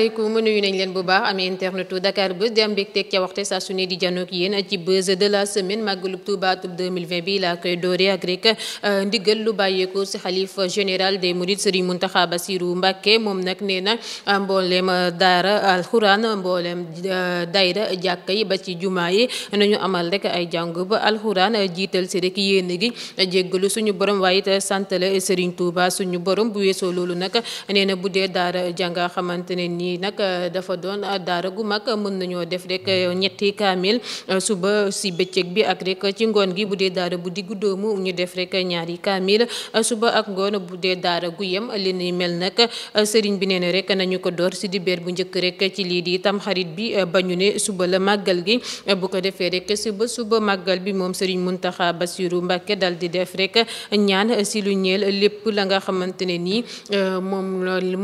asalaamaaleykum nuyu nañ leen bu baax amee internetu Dakar Buzz di am mbégteeg ca waxte saa su di janoog yéen ci buzz de la semaine màggalub Touba tub 2020 bi laa koy doore ak rek euh, ndigal lu bàyyeeko si xalif général des mourides Serigne Mountakha Bassirou Mbacké moom nag nee na euh, daara alxuraan mboolem euh, dayra jàkka yi ba ci jumaa yi nañu amal rek ay jàngu ba alxuraan jiital si rek yéen gi jéggalu suñu borom waaye santale Serigne Touba suñu borom bu weesoo loolu nag nii nag dafa doon daara gu mag mën nañoo def rek ñetti kaamil suba si bëccëg bi ak rek ci ngoon gi bu dee daara bu diggu doomu ñu def rek ñaari kaamil suba ak ngoon bu dee daara gu yem li ni mel nag sëriñ bi nee na nañu ko door si dibeer bu njëkk rek ci lii di tamxarit bi ba ñu ne suba la màggal gi bu ko defee rek suba suba màggal bi moom sëriñ Muntaxa Basiru Mbàkke dal di def rek ñaan si lu ñeel lépp la nga xamante ne moom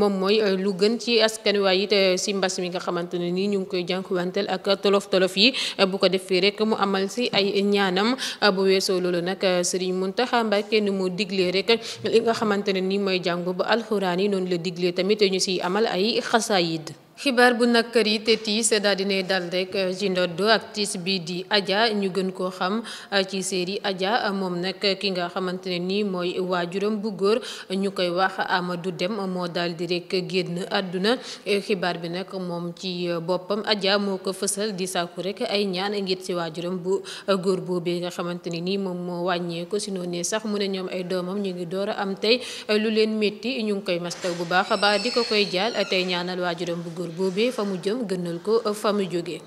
moom mooy lu gën ci askan waay waaye it si mbas mi nga xamante ne nii ñu ngi koy jànkuwanteel ak tolof tolof yi bu ko defee rek mu amal si ay ñaanam bu weesoo loolu nag sëriñ Mountakha Mbacké ni moo diglee rek li nga xamante ne nii mooy jàngu ba alxuraan yi noonu la diglee tamit ñu siy amal ay xasaayid xibaar bu nakkar yi te tiis daal dinay dal rek eh, ci ak tiis bii di Adja ñu gën koo xam eh, ci série Adja eh, moom nag ki nga xamante ne nii mooy waajuram bu góor ñu koy wax Amadou Deme moo daal di rek génn àdduna xibaar bi nag moom ci boppam Adja moo ko fësal di sàkku rek ay ñaan ngir ci waajuram bu góor boobee nga xamante ne nii moom moo wàññeeku si noonu sax mu ne ñoom ay doomam ñu ngi door a am tey lu leen métti ñu ngi koy mastaw bu baax a baax di ko koy jaal tey ñaanal waajuram bu góor góor boobee fa mu jëm gënal ko fa mu jóge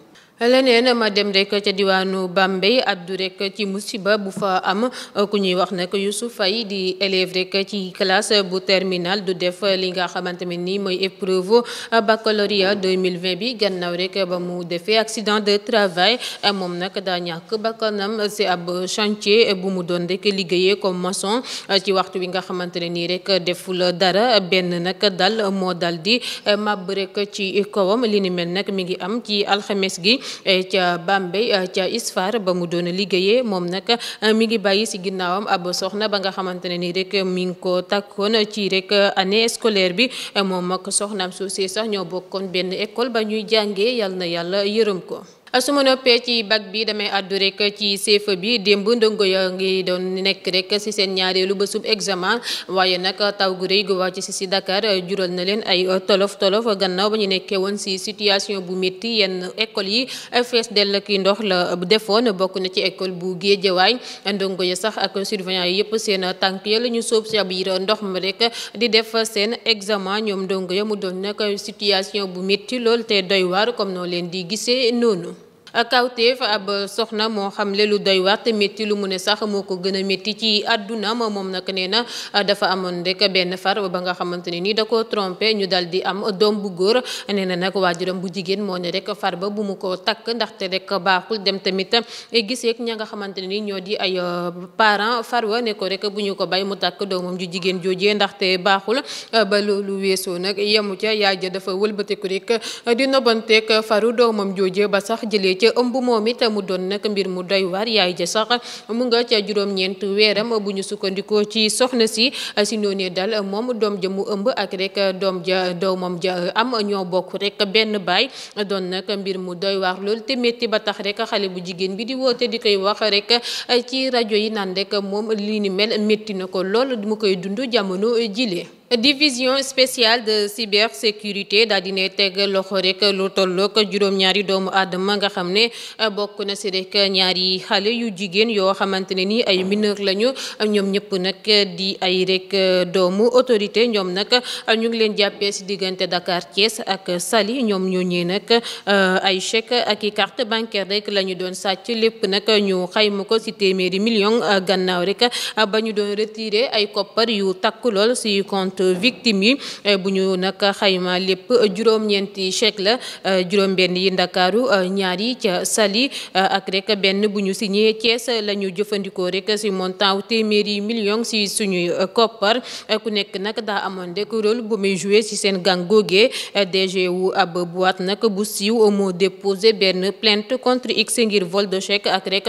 leneen ma dem rek ca diwaanu Bambey addu rek ci musiba bu fa am ku ñuy wax nag Youssouf Faye di élève rek ci classe bu terminal du def li nga xamante ne nii mooy épreuve baccalauréat 2020 bi gannaaw rek ba mu defee accident de travail moom nag daa ñàkk bakkanam si ab chantier bu mu doon rek liggéeyee comme maçon ci waxtu wi nga xamante ne nii rek deful dara benn nag dal moo dal di màbb rek ci kawam li ni mel nag mi ngi am ci alxemes gi. Eh, ca Bambey eh, ca ISFAR ba mu doon liggéeyee moom nag eh, mi ngi bàyyi si ginnaawam ab soxna ba nga xamante ne nii rek mi ngi ko takkoon ci rek année scolaire bi moom ak soxnaam suuf si sax ñoo bokkoon benn école ba ñuy jàngee yal na yàlla yërëm ko. su ma noppee ci bag bi damay àddu rek ci CFEE bi démb ndongo ya ngi doon nekk rek si seen ñaareelu bésub examen waaye nag taw gu rëy gu wàcc si si Dakar jural na leen ay tolof tolof gannaaw ba ñu nekkee woon si situation bu métti yenn école yi fees dell ki ndox la defoon bokk na ci école bu Géejawaay ndongo ya sax ak surveillant yi yëpp seen tànk ya la ñu sóob sa biir ndox mi rek di def seen examen ñoom ndongo ya mu doon nag situation bu métti lool doy waar comme noo leen di gisee noonu. kawteef ab soxna moo xam le lu doy waat métti lu mu ne sax moo ko gën a métti ci àdduna moom nag nee na dafa amoon rek benn far ba nga xamante ne ni da ko trompé ñu dal di am doom bu góor nee ne nag waajuram bu jigéen moo ne rek far ba bu mu ko takk ndaxte rek baaxul dem tamit gisee giseek ña nga xamante ne ni ñoo di ay euh, parent far wa ne rek bu ñu ko bay mu takk doomam ju jigéen joojee ndaxte baaxul ba lu lu weesoo nag yemu ca yaay ja dafa wëlbatiku rek di doomam joojee ba sax jëlee ca ëmb moom it mu doon nag mbir mu doy waar yaay ja sax mu nga ca juróom-ñeent weeram bu ñu sukkandikoo ci soxna si si noonee dal moom doom ja mu ëmb ak rek doom ja doomam ja am ñoo bokk rek benn baay doon nag mbir mu doy waar loolu te métti ba tax rek xale bu jigéen bi di woote di koy wax rek ci rajo yi naan rek moom lii ni mel métti na ko lool mu koy dund jamono jile division spéciale de cybersécurité daal di ne teg loxo rekk lu tolloog juróom-ñaari doomu aadama nga xam ne euh, bokk na si rek ñaari xale yu jigéen yoo xamante ne ni ay mineur lañu ñoom ñëpp nag di ay rek euh, doomu autorité ñoom nag euh, ñu ngi leen jàppee si diggante Dakar Thiès ak Saly ñoom ñooñee nag ay chèque ak i carte bancaire rek la ñu doon sàcc lépp nag ñu xayma ko si téeméeri million gannaaw rek ba ñu doon retiré ay koppar yu takk lool si compte victime yi eh, bu ñu nag xayma lépp juróom-ñeenti chèque la eh, juróom-benn yi ndakaaru eh, ñaari yi ca Saly ak rek benn bu ñu signé Thiès la ñu jëfandikoo rek si montant wu téeméeri million si suñuy koppar ku nekk nak daa amoon rek rôle bu muy joué si seen gang googee DG wu ab boîte nak bu siiw moo déposé benn plainte contre X ngir vol de chèque ak rek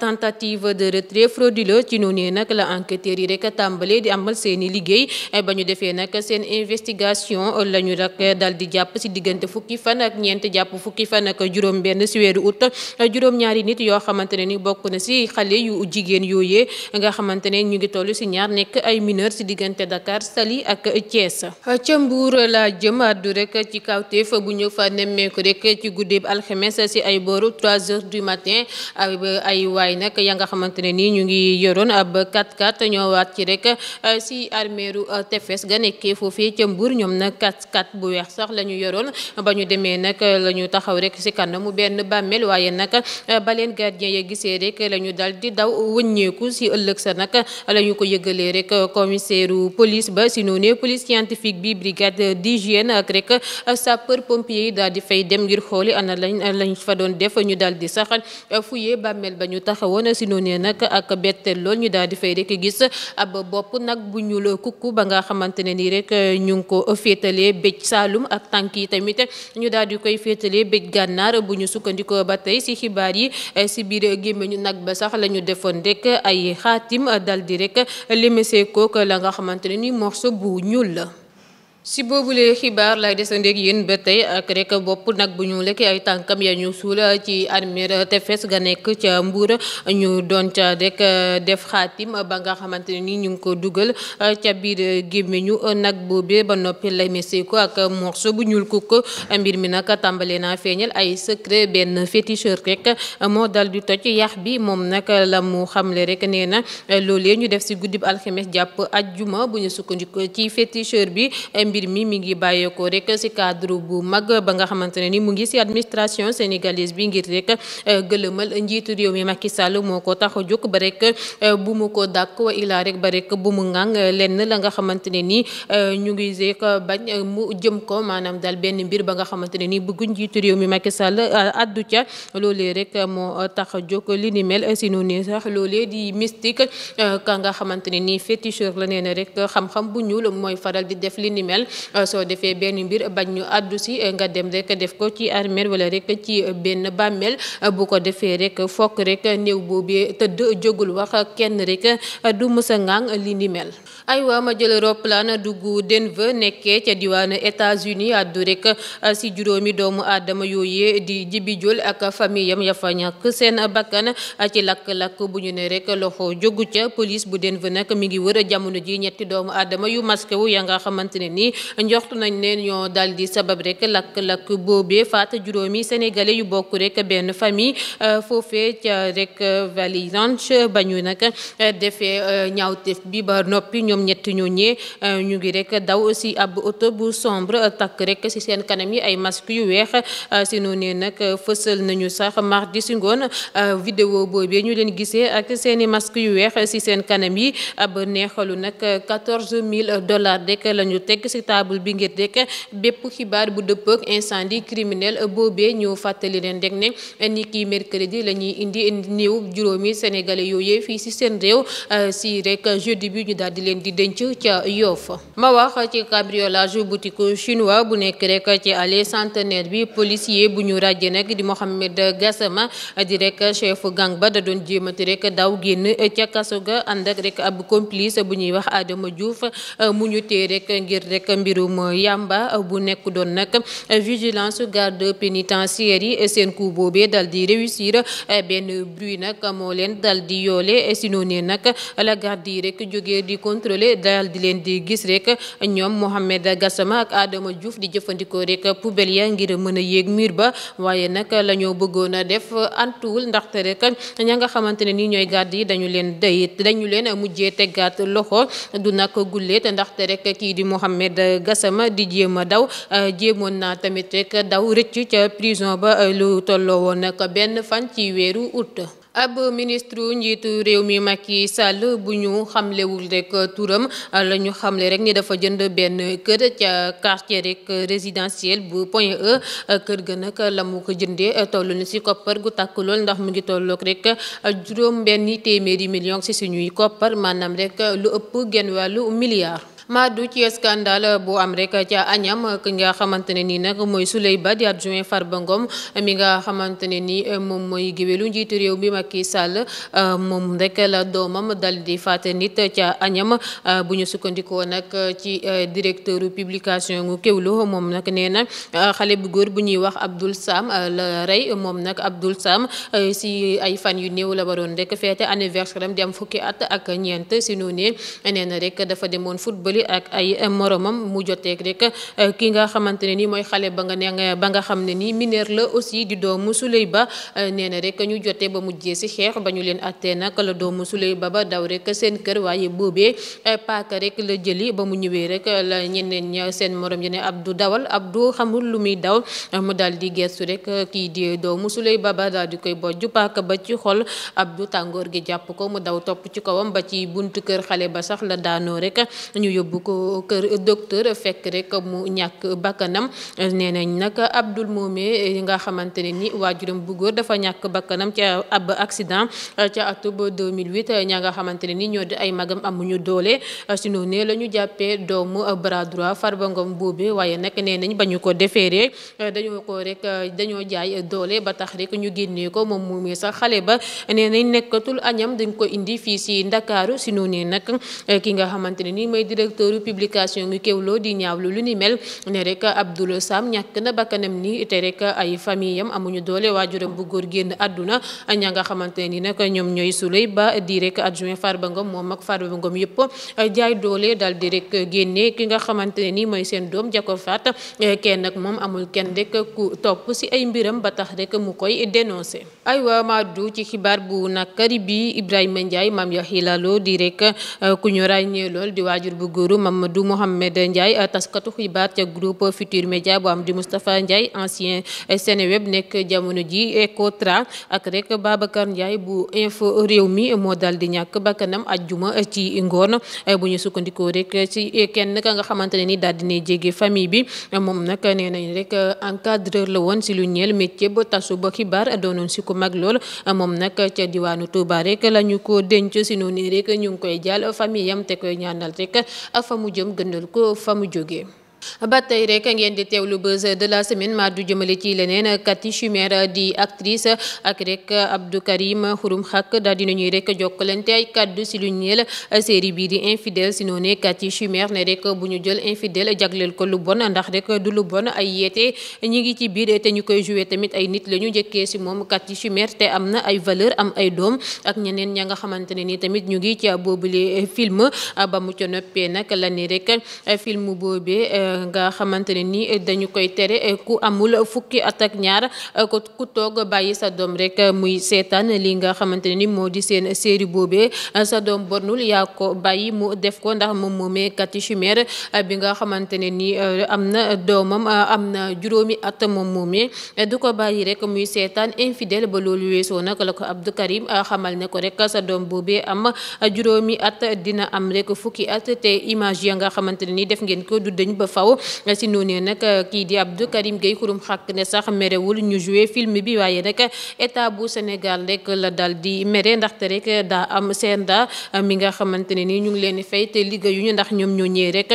tentative de retrait frauduleux ci noonu nak la enquêteurs yi rek tàmbalee di amal seeni liggéey ba ñu ñu defee nag seen investigation la ñu nag jàpp si diggante fukki fan ak ñeent jàpp fukki fan ak juróom-benn si weeru août juróom-ñaari nit yoo xamante ne ni bokk na si xale yu jigéen yooyee nga xamante ne ñu ngi toll si ñaar nekk ay mineur si diggante Dakar Saly ak Thiès. ca Mbour la jëm addu rek ci kawteef bu ñëw fa nemmeeku rek ci guddeeb alxemes si ay booru 3 heures du matin ay waay nag ya nga xamante ne ni ñu ngi yoroon ab 4 4 ñoo waat fees ga nekkee foofee ca Mbour ñoom nag kat kat bu weex sax la ñu yoroon ba ñu demee nag la ñu taxaw rek si mu benn bàmmeel waaye nag ba leen gardien ya gisee rek la ñu dal di daw wëññeeku si ëllëg sa nag la ñu ko yëgalee rek commissaire police ba si noonee police scientifique bi brigade d'hygiène ak rek sapeur pompier yi daal di fay dem ngir xooli ana lañ lañ fa doon def ñu daal di sax fuyee bàmmeel ba ñu taxawoon si noonee nag ak bettel lool ñu daal di fay rek xamante ne nii rek euh, ñu ngi ko féetalee bëj Saalum ak tànk yi tamit ñu daal di koy féetalee bëj gànnaar bu ñu sukkandikoo ba tey si xibaar yi euh, si biir gémme ñu nag ba sax la ñu defoon rek ay xaatim dal di rek kook la nga xamante ne ni morceau bu ñuul la si boobulee xibaar lay desandeeg yéen ba tey ak rek bopp nag bu ñu lekkee ay tànkam ya ñu suul ci armée tefes nga nekk ca Mbour ñu doon ca rek euh, def xaatim ba nga xamante ne ni ñu ngi ko dugal euh, ca biir gémmiñu euh, nag boobee ba noppi lay mesee ko ak morceau bu ñuul kukk mbir mi nag tàmbale naa feeñal ay secret benn féticheur rek moo dal di toj yax bi moom nag la mu xamle rek nee na loolee ñu def si guddib alxemes jàpp ajjuma bu ñu sukkandiku ci féticheur mbir mi mi ngi bàyyeekoo rek si cadre bu mag ba nga xamante ne ni mu ngi si administration sénégalaise bi ngir rek euh, gëlëmal njiitu réew mi Macky Sall moo ko tax a jóg ba rek euh, bu mu ko dàkk wa ilaa rek ba rek bu mu ŋàng euh, lenn la nga xamante ne ni ñu ngi rek bañ mu jëm ko maanaam daal benn mbir ba nga xamante ne ni bëgguñ njiitu réew mi Macky Sall addu ca loolee rek moo tax a jóg ni si noonu sax loolee di mystique ka nga xamante ni féticheur la nee rek xam-xam bu ñuul mooy faral di def li Euh, soo defee benn mbir bañ ñu àddu si euh, nga dem rekk def ko ci armeel wala rek ci benn bàmmeel euh, bu ko defee rek fokk rek néew boobee tëdd jógul wax kenn rek du mësa ngaang li ni mel waa ma jël roplaan dugg Denver nekkee ca diwaanu États-Unis àddu rek si juróomi doomu aadama yooyee di jibi jol ak famille yam ya fa ñàkk seen bakkan ci lakk-lakk bu ñu ne rek loxo jógu ca police bu Denver nag mi ngi wër jamono ji ñetti doomu aadama yu masque wu ya nga xamante ne nii njortu nañ nee ñoo daal di sabab rek lakk-lakk boobee faat juróomi sénégalais yu bokk rek benn famille euh, foofee ca rek euh, Vallivranche ba ñu nag euh, defee ñaawteef bi ba noppi ñoom ñett ñoo ñee ñu ngi rekk daw si ab oto bu sombre takk rek si seen kanam yi ay masque yu weex si noonee nag fësal nañu sax mardi si ngoon vidéo boobee ñu leen gisee ak seeni masque yu weex si seen kanam yi ab neexalu nag 14000 dollars rek la teg si taabal bi ngir rek bépp xibaar bu dëppoo ak incendie criminel boobee ñu fàttali leen rek ne ki mercredi la ñuy indi néew juróomi sénégalais yooyee fii si seen réew euh, si rek jeudi bi ñu daal di leen di denc ca Yoff ma wax ci cambriolage boutique chinois bu nekk rek ci allée centenaire bi policier bu ñu ràjje nag di Mohamed Gassama di rek chef gang ba da doon jéemati rek daw génn ca kaso ga ànd ak rek ab complice bu ñuy wax Adama Diouf euh, mu ñu tee rek ngir rek mbirum yamba bu nekk doon nag vigilance garde pénitentiaire yi seen coup boobee dal réussir benn bruit nag moo leen dal di yoole si noonee nag la garde yi rek jógee di contrôler dal di leen di gis rek ñoom Mohamed Gassama ak aadama Diouf di jëfandikoo rek poubelle ya ngir mën a yéeg mur ba waaye nag la ñoo bëggoon a def antuwul ndaxte rek ña nga xamante ne ni ñooy garde yi dañu leen day dañu leen mujjee teggaat loxo du nag gulleet ndaxte rek kii di Mohamed Gassama di jéem a daw euh, jéemoon naa tamit rek daw rëcc ca prison ba euh, lu tolloo woon nag benn fan ci weeru août. ab ministre njiitu réew mi yi Sall bu ñu xamlewul rek turam euh, la ñu xamle rek ni dafa jënd benn kër ca quartier rek résidentiel bu Point E kër ga nag la mu ko jëndee toll ni si koppar gu tàkk lool ndax mu ngi tolloog rek juróom benni téeméeri million si suñuy koppar maanaam rek lu ëpp genn wàllu milliard ma maadu ci scandale boo am rek ca añam ki nga xamante ne nii nag mooy Souley Ba di far ba Ngom mi nga xamante ne ni moom mooy géwélu njiitu réew mi kii Sall moom rek la doomam dal di faate nit ca añam bu ñu sukkandikoo nag ci eh, directeur publication gu Kewlu moom nag nee na eh, xale bu góor bu ñuy wax Abdoul Sam eh, la rey moom nag Abdoul Sam si ay fan yu néew la waroon rek feete anniversaire am di am fukki at ak ñeent si noonu nee na dafa demoon wutali ak ay moromam mu joteeg rek eh, ki nga xamante ne ni mooy xale ba nga ne ba nga xam ne ni mineur la aussi di doomu Souley Ba eh, nee na rek ñu jotee ba mujjee si xeex ba ñu leen attee na la doomu Souley Ba daw rek seen kër waaye boobee eh, paaka rek la jëli ba mu ñëwee rek la ñeneen ña seen morom yi ne Abdou dawal Abdou xamul lu muy daw mu daal di gestu rek kii di doomu Souley Ba ba daal di koy bojju paaka ba ci xol Abdou tàngoor gi jàpp ko mu daw topp ci kawam ba ci buntu kër xale ba sax la daanoo rek ñu yóbbu ko kër docteur fekk rek mu ñàkk bakkanam nee nañ nag Abdoul eh, nga xamante ne ni waajuram bu góor dafa ñàkk bakkanam ca ab accident eh, ca atub 2008 eh, ña nga xamante ne ni ñoo di ay magam amuñu doole si noonu la ñu jàppee doomu bras droit Farba Ngom boobee waaye nag nee nañ ba ñu ko defeeree dañoo ko rek dañoo jaay doole ba tax rek ñu génnee ko moom moomee sax xale ba nee nañ nekkatul añam dañ ko indi fii si Ndakaaru si noonu nag ki nga xamante ne ni mooy directeur publication ngi Kewlo di ñaawlu lu ni mel ne rek Abdoul Sam ñàkk na bakkanam ni te rek ay famille amuñu doole waajuram bu góor génn àdduna ña nga xamante ni nag ñoom ñooy suley ba di rek adjoint Farba Ngom moom ak Farba Ngom yëpp jaay doole dal di rek génne ki nga xamante ne ni mooy seen doom Jacob Faat kenn ak moom amul kenn rek ku topp si ay mbiram ba tax rek mu koy dénoncé. aywa Madou ci xibaar bu nakari bi Ibrahima Ndiaye maam Yaxi Lalo di Ndiour Mamadou Mohamed Ndiaye taskatu xibaar ca groupe Futur Média bu am di Moustapha Ndiaye ancien Seneweb nekk jamono ji Ecotra ak rek Babacar Ndiaye bu info réew mi moo dal di ñàkk bakkanam ajjuma ci ngoon bu ñu sukkandikoo rek ci kenn ka nga xamante ne ni daal di ne jege famille bi moom nag nee nañ rek encadreur la woon si lu ñeel métier ba tasu ba xibaar doonoon si ko mag lool moom nag ca diwaanu Touba rek la ko denc si noonu rek ñu ngi fa mu jëm gënal ko fa mu jógee. ba tey rek ngeen di lu buzz de la semaine maa du jëmale ci leneen Kati Chimère di actrice ak rek Abdou Karim xurum xaq daal dina ñuy rek jokkalante ay kaddu si lu ñeel série bii di infidèle si noonee Kati Chimère ne rek bu ñu jël infidèle jagleel ko lu bon ndax rek du lu bon ay yeete ñi ngi ci biir te ñu koy joué tamit ay nit la ñu njëkkee si moom Kati Chimère te am na ay valeur am ay doom ak ñeneen ña nga xamante ne ni tamit ñu ngi ci boobule film ba mu ca noppee nag la ni film euh, nga xamante ne nii dañu koy tere eh, ku amul fukki at ak ñaar eh, ko ku toog bàyyi sa doom rek eh, muy seetaan li nga xamante ne ni moo di seen série boobee sa doom bornul yaa ko bàyyi mu def ko ndax moom moomee Katy Chimère bi nga xamante ne nii am na doomam am na juróomi at moom moomee du ko ba rek sa doom boobee am juróomi at dina am rek fukki at te image ya nga xamante ne def ngeen ko du dëñ ba faw kaw si noonu nag euh, kii di Abdou Karim Gueye xurum xàkk ne sax merewul ñu joué film bi waaye rek état bu Sénégal rek la dal di mere ndaxte rek daa am CNDA euh, mi nga xamante ne ni ñu ngi leen di fay te liggéeyuñu ndax ñoom ñoo ñëwee rek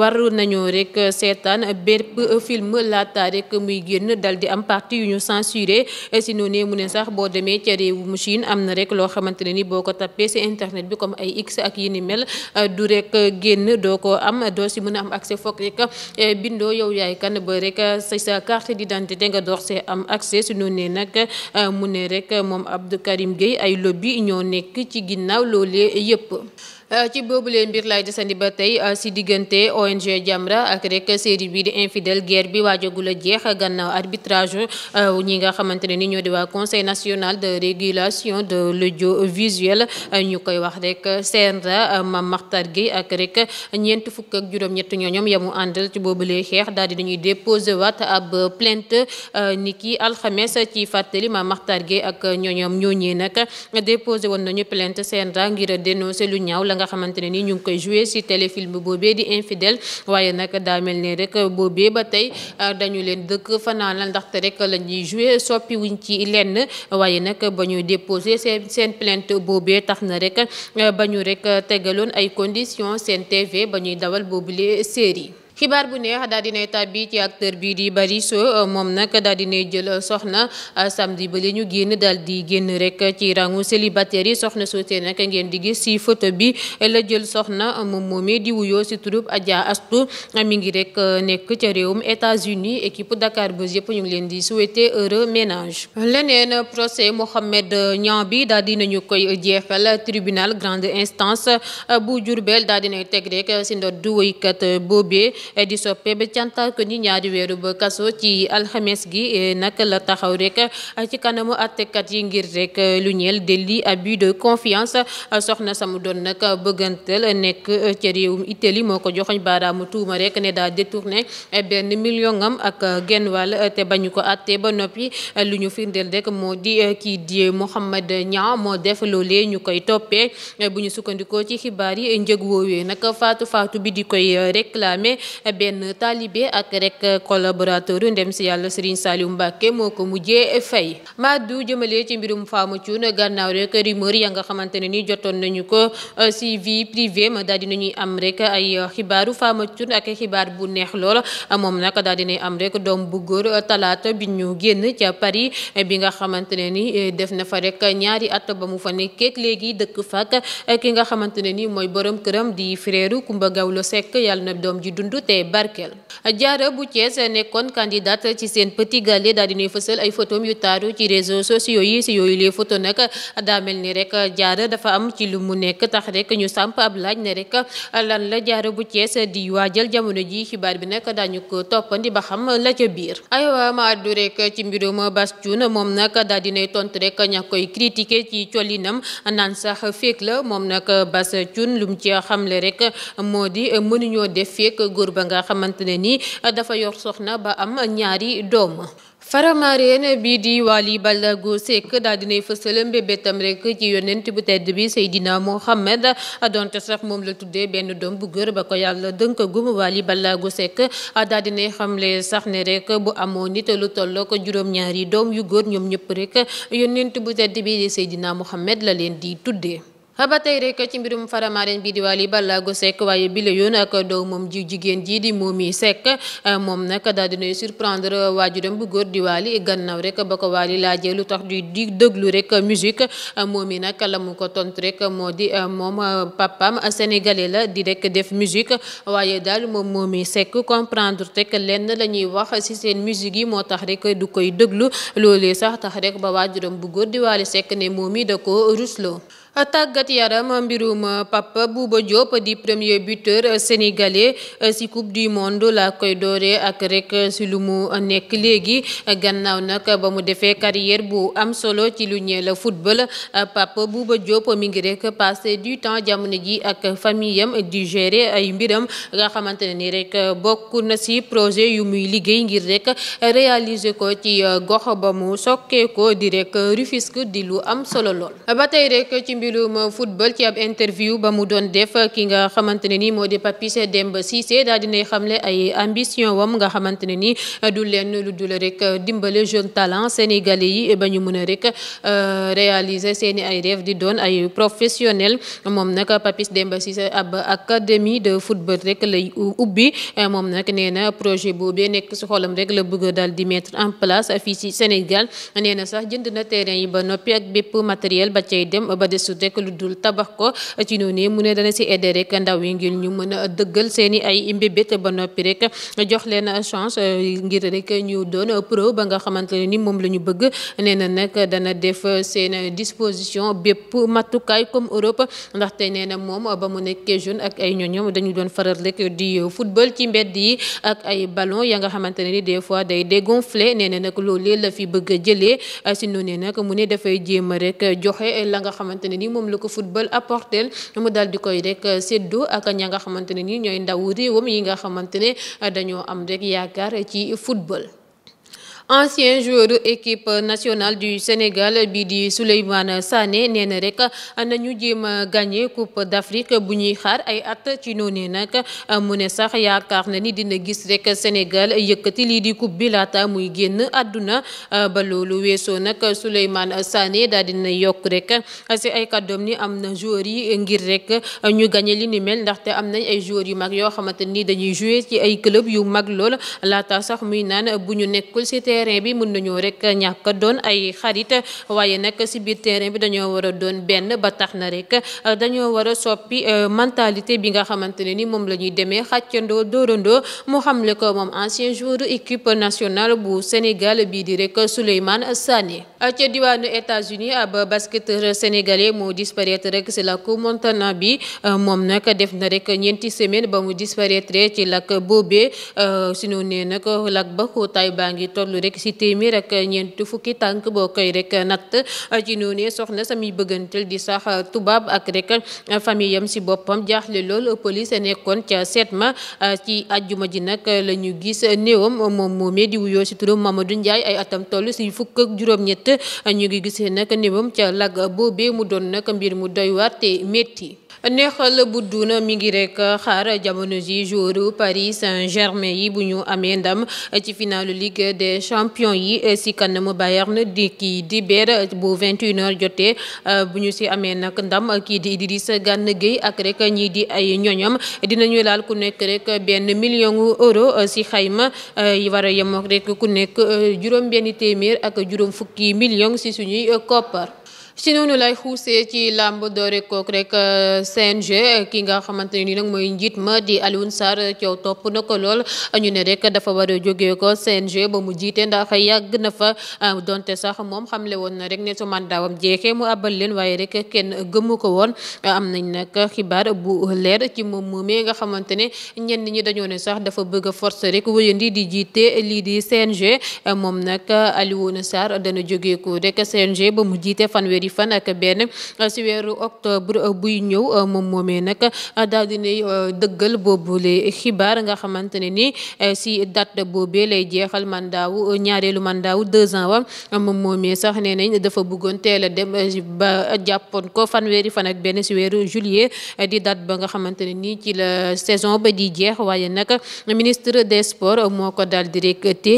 waru nañoo rek seetaan bépp film laata rek muy génn dal di am partie yu ñu censuré si noonu mu ne sax boo demee ca réewum Chine am na rek loo xamante ne ni boo ko tappee si internet bi comme ay x ak yi ni mel euh, du rek E, bindoo yow yaay kan ba rek uh, sa sa dante d'identité nga door see am accès si noonu nag uh, mu ne rekk moom Abdou Karim Gueye ay lobby ñoo nekk ci ginnaaw loolee yëpp. Euh, ci boobu lee mbir lay desandi ba tey si euh, diggante ONG Jamra ak rek série bi di infidel guerre bi waajagul a jeex gannaaw arbitrage euh, ñi nga xamante ne ni ñoo di waa conseil national de régulation de l'audiovisuel ñu koy wax rek CNRA Mame maxtar gi ak rek ñeent fukk ak juróom-ñett ñooñoom yamu àndal ci boobulee xeex daal di dañuy déposé waat ab plainte ni ki alxames ci fàttali ma maxtar gi ak ñooñoom ñooñee nag déposé woon nañu plainte CNRA ngir dénoncé lu ñaaw la nga xamante ne nii ñu ngi koy joué si téléfilm boobee di infidèle waaye nag daa mel ne rek boobee ba tey ah, dañu leen dëkk fanaanal ndaxte rek la ñuy joué soppi wuñ ci lenn waaye nag ba ñu déposé seen seen plainte boobee tax na rek ah, ba ñu rek tegaloon ay conditions seen TV ba ñuy dawal boobu série xibaar bu neex daal dinay tàbbi ci acteur bii di soo moom nag daal dinay jël soxna ah, samedi ba li ñu génn daal di génn rek ci rangu célibataire yi soxna soosee nag ngeen di gis si photo bi la jël soxna moom moomee di wuyoo si turub Adja Astou mi ngi rek euh, nekk ca réew États-Unis équipe Dakar Buzz yëpp ñu ngi leen di souhaiter heureux ménage leneen procès Mohamed Niang bi daal dinañu koy jeexal tribunal grande instance euh, bu Diourbel daal dinay teg rek si ndodd wëykat boobee Eh, di soppe ba cantal ko ni ñaari weeru ba kaso ci alxames gi eh, nag la taxaw rek eh, ci kanamu àttekat yi ngir rek lu ñeel délit abus de confiance soxna sama doon nag bëggantal nekk ca réewum Italie moo ko joxoñ baaraamu tuuma rekk ne daa détourné benn million am ak genn wàll te bañ ko àttee ba noppi lu ñu firndeel rek moo di kii di Mohamed Niang moo def loolee ñu koy toppee bu ñu sukkandikoo ci xibaar yi njëg woowee nag faatu faatu bi di koy réclamer benn taalibe ak rek collaborateur ndem si yàlla Serigne Saliou Mbacké moo ko mujjee fay Madou jëmale ci mbirum Fama Thioune gannaaw rek rumeur ya nga xamante ne ni jotoon nañu ko euh, si vie privée ma daal dinañuy am rek ay xibaaru Fama Thioune ak xibaar bu neex lool moom nag daal dinay am rek doom bu góor talaata bi ñu génn ca Paris bi nga xamante ne ni euh, def na fa rekk ñaari at ba mu fa nekkeek léegi dëkk fak euh, ki nga xamante ne ni mooy borom këram di frère Kumba Gawlo Seck yàlla na doom ji dund tey barkeel jaara bu a nekkoon candidate ci seen petit gallé daal di nuy fësal ay photom yu taaru ci réseaux sociaux yi si yooyu les photo nag a mel ni rek jaara dafa am ci lu mu nekk tax rek ñu samp ab laaj ne rek lan la jaara bu Thiès di waajal jamono ji xibaar bi nag daañu ko toppandi ba xam la ca biir aywa ma addu rek ci mbirum Bass Thioune moom nag daal dinay tontu rek ña koy critiquer ci collinam naan sax féeg la moom nag Bass Thioune ba nga xamante ne ni dafa yor soxna ba am ñaari doom. Faramareen bi di Wally Ballago Seck daal dinay fësal mbébétam rek ci yonent bu tedd bi Seydina Mohamed donte sax moom la tuddee benn doom bu gër ba ko yàlla dënkagum Wally Ballago Seck daal dinay xamle sax ne rek bu amoo nit lu tolloo ko juróom-ñaari doom yu góor ñoom ñëpp rek yonent bu tedd bi Seydina Mohamed la leen di tuddee. ba tey rek ci mbirum Faramareen bi di Wally Ballago Seck waaye bile yoon ak moom ji jigéen jii di Momy sekk eh, moom nag daal dinay surprendre waajuram bu góor di Wally gannaaw rek ba ko Wally laajee lu tax di di déglu rek moom eh, Momy nag la mu ko tontu rek moo di eh, moom papam sénégalais la di rekk def musique waaye daal moom Momy sekk comprendre rek lenn la ñuy wax ci seen musique yi moo tax rek du koy déglu loolee sax tax rek ba waajuram bu góor di Wally Seck ne Momy da ko rusloo tàggat yaram mbirum euh, Pape Bouba Diop di premier buteur euh, sénégalais euh, ci coupe du monde la koy doore ak rek ci lu mu nekk léegi gannaaw nag ba mu defee carrière bu am solo ci lu ñeel football Pape Bouba Diop mi ngi rek passé du temps jamono ji ak famille am di gérer ay mbiram nga xamante ne ni rek bokk na ci projet yu muy liggéey ngir rekk réaliser ko ci gox ba mu sokkee ko di rek Rufisque di lu am solo lool mbirum football ci ab interview ba mu doon def ki nga xamante ne ni moo di Papis Demba Cissé daal dinay xamle ay ambition wam nga xamante ne ni du leen lu dul rek dimbale jeune talent sénégalais yi ba ñu mën a rek euh, réaliser seeni ay rêve di doon ay professionnel moom nag Papis Demba Cissé ab académie de football rek lay ubbi moom nag nee na projet boobee nekk si xolam rek la bëgg daal di mettre en place fii Sénégal nee sax jënd na terrain yi ba gisul rek lu dul tabax ko a dëggal seen ba noppi rek jox leen chance euh, ngir rek ñu ba ne ni na nag dana def seen disposition bépp matukaay comme Europe ndaxte nee na moom ba mu nekkee jeune ak ay ñoñom dañu doon faral rek di football ci mbedd yi ak ay ya nga xamante ne ni des a mu ne dafay jéem rek joxe la nga xamante ni moom la ko football apporteel mu daal di koy rek euh, séddoo ak ña nga xamante ne ni ñooy ndaw réewam yi nga xamante ne euh, dañoo am rek yaakaar ci football. ancien joueur équipe nationale du Sénégal bi di Souleymane Sané nee na rek nañu jéem a gagné coupe d'Afrique bu ñuy xaar ay at ci noonu nag mu ne sax yaakaar na ni dina gis rek Sénégal yëkkati lii di coupe bi laata muy génn àdduna ba loolu weesoo nag Souleymane Sané daal dina yokk rek si ay kàddoom ni am na joueur yi ngir rek ñu gagné li ni mel ndaxte am nañ ay joueur yu mag yoo xamante ni dañuy jouer ci ay club yu mag lool laata sax muy naan bu ñu terrain bi mën nañoo rek ñàkk doon ay xarit waaye nag si biir terrain bi dañoo war a doon benn ba tax na rek dañoo war a soppi euh, mentalité bi nga xamante ne ni moom la ñuy demee xàccandoo dóorandoo mu xamle ko moom ancien joueur équipe nationale bu sénégale bii di rek Souleymane Sané. ca diwaanu États-Unis ab basketteur sénégalais moo disparaître rek si làkku Montana bi euh, moom nag def na rek ñeenti semaine ba mu disparaître ci làkk boobee euh, si noonu nee nag làkk ba nekk si téeméer ak ñeent fukki tànk boo koy rek natt ci noonee soxna sami bëggantel di sax tubaab ak rek famille yam si boppam jaaxle lool police nekkoon ca seet ma ci ajjuma ji nag lañu ñu gis néewam moom moomee di wuyoo si turam du njaay ay atam toll si fukk ak juróom-ñett ñu ngi gisee nag néewam ca lag boobee mu doon nag mbir mu doy waar te métti neexal bu duna mi ngi rek xaar jamono ji joueur Paris Saint-Germain yi bu ñu amee ndam ci finalu Ligue des champions yi si kanamu Bayern di kii di ber bu 21h jotee bu ñu si amee nag ndam kii di di Idrissa Gana Gueye ak rek ñii di ay dina dinañu laal ku nekk rekk benn million euro si xayma yi war a yemook ku nekk juróom benn téeméer ak juróom fukki million si suñuy koppar. si noonu lay xuusee ci làmb doore kook rek euh, CNG ki nga xamante ne ni nag mooy njiit ma di Alioune Sarr coow topp na ko lool ñu ne rek dafa war jóge jógee ko CNG ba mu jiite ndax yàgg na fa euh, donte sax moom xamle woon na rek ne su mandaawam jeexee mu abal leen waaye rek kenn gëmu ko woon am nañ nag xibaar bu leer ci moom moomee nga xamante ne ñenn ñi dañoo ne sax dafa bëgg a force rek wëyandi di jiite lii di CNG moom nag Alioune Sarr dana jógee ko ba mu jiite fanweeri fukki fan ak benn uh, si weeru octobre uh, buy ñëw uh, moom moomee nag daal dinay dëggal boobule xibaar nga xamante ne ni si date boobee lay jeexal mandaawu ñaareelu mandaawu deux ans wa moom moomee sax nee nañ dafa bëggoon teel a dem ba jàppoon ko fanweeri fan ak benn si weeru juillet di date ba nga xamante ne nii ci la saison ba di jeex waaye nag ministre moo ko daal di rek te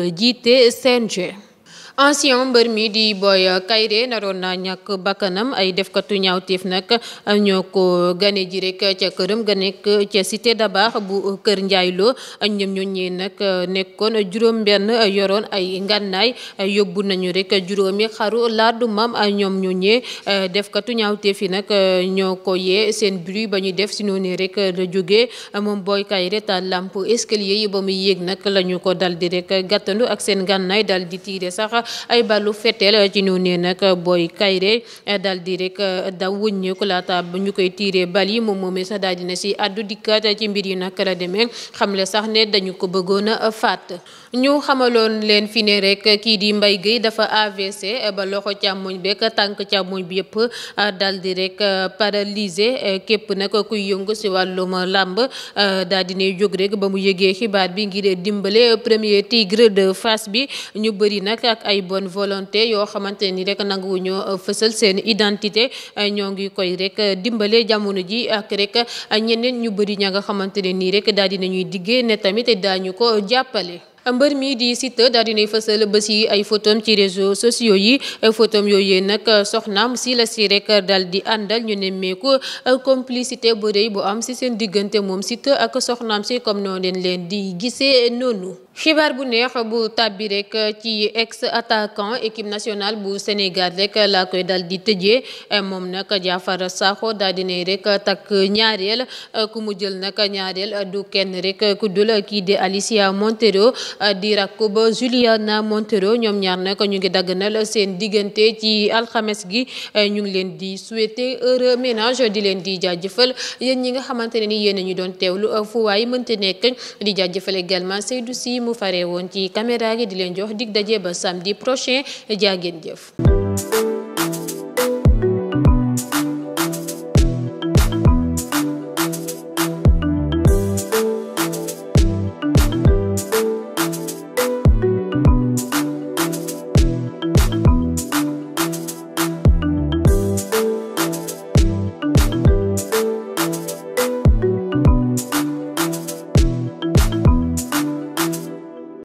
jiite CNG. ancien mbër mi di Boy Kaïré naroon na ñàkk bakkanam ay defkatu ñaawteef nag ñoo ko gane ji rek ca këram ga nekk ca cité Dabakh bu kër njaayloo Ndiayloo ñoom ñooñee nag nekkoon juróom-benn yoroon ay ngànnaay yóbbu nañu rek juróomi xaru laadu mam ñoom ñooñee defkatu ñaawteef yi nag ñoo ko yee seen bruit ba ñu def si noonu rek la jógee moom Boy Kaïré taal lampe escalier yi ba muy yéeg nag la ñu ko dal di rek gàttandu ak seen ngànnaay dal di tiire sax. ay balu fetel ci ñu ne nag Boy Kairé dal di rek daw wëññeeku laata bu ñu koy tiiree bal yi moom moom sa daal dina si àddu dikkaat ci mbir yi naka la demee xamle sax ne dañu ko bëggoon a faat ñu xamaloon leen fi ne rek kii di mbay Gueye dafa AVC ba loxo càmmoñ beeg tànk càmmoñ bi yëpp euh, daal di rek euh, paralysé euh, képp nag kuy yëngu si wàllum làmb daal di ne jóg rek ba mu yëgee xibaar bi ngir dimbale premier tigre de Fass bi ñu bëri nag ak ay bonne volonté yoo xamante nii rek nanguwu ñoo fësal seen identité ñoo ngi koy rekk dimbale jamono ji ak rek ñeneen ñu bëri ña nga xamante ne nii rek daal di nañuy diggee ne tamit daañu ko jàppale. mbër mii di Siteu daal dinay fësal ba yi ay photom ci réseaux sociaux yi ay photom yooyu nag soxnaam si la si rek dal di àndal ñu nemmeeku complicité bu rëy bu am si seen diggante moom Siteu ak soxnaam si comme noonu leen leen di gisee noonu. xibaar bu neex bu tàbbi rekk ci ex attaquant équipe nationale bu Sénégal rek laa koy dal di tëjee moom nag Diafara dal di dinay rek takk ñaareel ku mu jël nag ñaareel du kenn rek ku dul kii di Alicia Montero di rakku ba Juliana Montero ñoom ñaar nag ñu ngi dagg dagganal seen diggante ci alxames gi ñu ngi leen di souhaiter heureux ménage di leen di jaajëfal yéen ñi nga xamante ne ni yéen ñu doon teewlu fu waay mënte nekk di jaajëfal également Seydou mu fare woon ci camera gi di leen jox dig daje ba di prochain jaageen jëf